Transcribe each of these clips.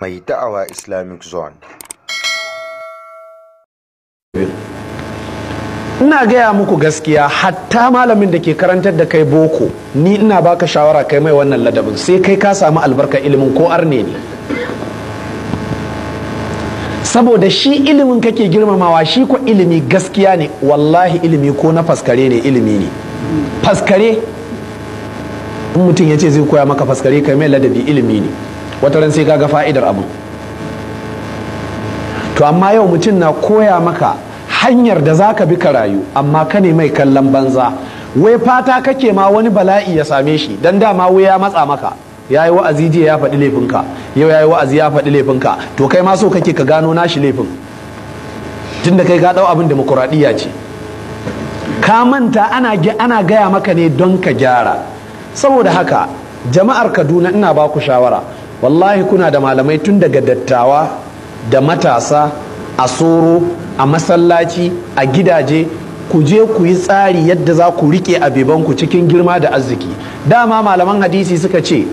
mai da'awa islamic zone ina gaya muku gaskiya hatta malamin da ke karantar da kai boko ni ina baka shawara kai mai wannan ladabin sai kai ka samu albarka ilimin ko arne ne saboda shi ilimin kake girmamawa shi ko ilimi gaskiya ne wallahi ilimi ko na faskare ne ilimi ne faskare in mutum ya ce zai koya maka faskare kai mai ladabi ilimi ne wata ran sai kaga fa'idar abu to amma yau mutum na koya maka hanyar da za ka bi ka rayu amma ka ne mai kallon banza wai fata kake ma wani bala'i ya same shi dan dama wai ya matsa maka ya yi wa'azi jiya ya faɗi laifinka yau ya yi wa'azi ya faɗi laifinka to kai ma so kake ka gano nashi laifin tun da kai ka ɗau abin demokuraɗiyya ce ka manta ana, ana gaya maka ne don ka gyara saboda haka jama'ar kaduna ina ba ku shawara wallahi kuna da malamai tun daga dattawa da matasa a soro a masallaci a gidaje ku je ku yi tsari yadda za ku rike abebanku cikin girma da arziki dama malaman hadisi suka ce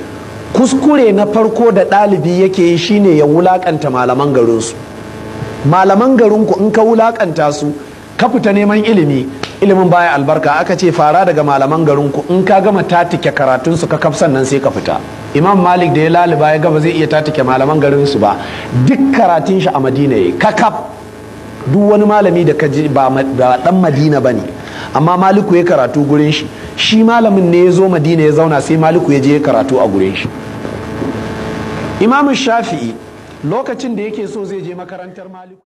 kuskure na farko da ɗalibi yake yi shine ya wulakanta malaman garinsu malaman garinku in ka wulakanta su ka fita neman ilimi ilimin baya albarka aka ce fara daga malaman garinku in ka gama tatike karatun su ka kafsan nan sai ka fita imam malik da ya laliba ya gaba zai iya tatike malaman garin su ba duk karatun shi a madina ya ka kakaf duk wani malami da ka ji ba dan madina ba ne amma maliku ya karatu gurin shi shi malamin ne ya zo madina ya zauna sai maliku ya je ya karatu a gurin shi imam shafi'i lokacin da yake so zai je makarantar maliku